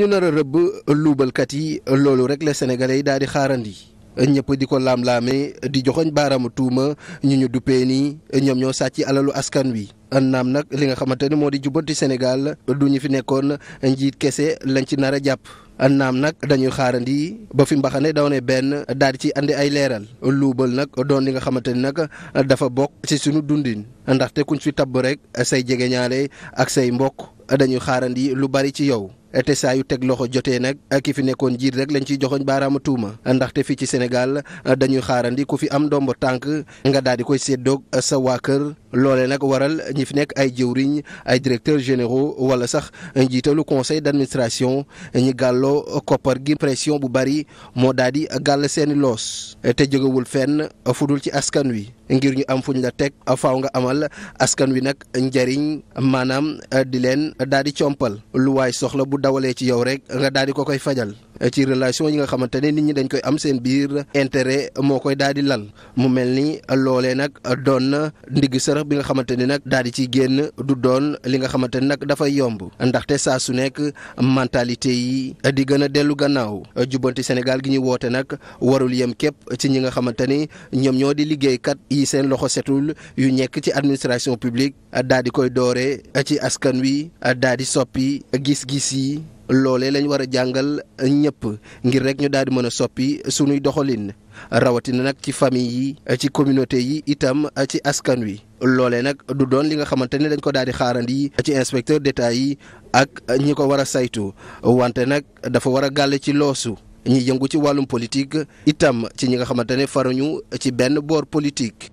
ñu nar a luubalkat yi loolu rek la sénégalais yi daal di xaarandi ñëpp di ko laam-laame di joxoñ baaraamu tuuma ñu ñu duppee nii ñoom ñoo sàcc alalu askan wi naam nag li nga xamante ni moo di jubbanti senegal du ñu fi nekkoon njiit kese lañ ci nar a jàpp naam nag dañuy xaarandi ba fi mbaxane daw ne benn daal di ci indi ay leeral luubal nag doon li nga xamante ni nag dafa bokk ci suñu dundin ndaxte kuñ ci tabb rek say jegeñaale ak say mbokk dañuy xaarandi lu bari ci yow. te saa yu teg loxo jotee nag ki fi nekkoon jiit rek lañ ciy joxoñ baaraama tuuma ndaxte fii ci Sénégal dañuy xaarandi ku fi am ndombo tànk nga daal di koy séddoog sa waa kër loole nag waral ñi fi nekk ay riñ ay directeurs généraux wala sax njiitalu conseil d'administration ñi gàlloo koppar gi pression bu bari moo daal di gàll seeni loos te jógewul fenn fudul ci askan wi ngir ñu am fuñ la teg faw nga amal askan wi nag njëriñ maanaam di leen daal di compal lu waay soxla bu dawalee ci yow rek nga daal di ko koy fajal. ci relation yi nga xamante ne nit ñi dañ koy am seen biir intérêt moo koy daal di lal mu mel ni loolee nag doon na ndigg sërëx bi nga xamante ne nag daal di ciy génn du doon li nga xamante ne nag dafay yomb ndaxte saa su nekk mentalité yi di gën a dellu gannaaw jubbanti Sénégal gi ñu woote nag warul yem képp ci ñi nga xamante ni ñoom ñoo di liggéeykat yi seen loxo setul yu nekk ci administration publique daal di koy doore ci askan wi daal di soppi gis-gis yi loolee lañ war a jàngal ñëpp ngir rek ñu daal di mën a soppi suñuy doxalin rawatina nag ci famille yi ci communauté yi itam ci askan wi loolee nag du doon li nga xamante ne dañ ko daal di xaarandi ci inspecteur d'État yi ak ñi ko war a saytu wante nag dafa war a gàll ci loosu ñi yëngu ci wàllum politique itam ci ñi nga xamante ne faruñu ci benn boor politique.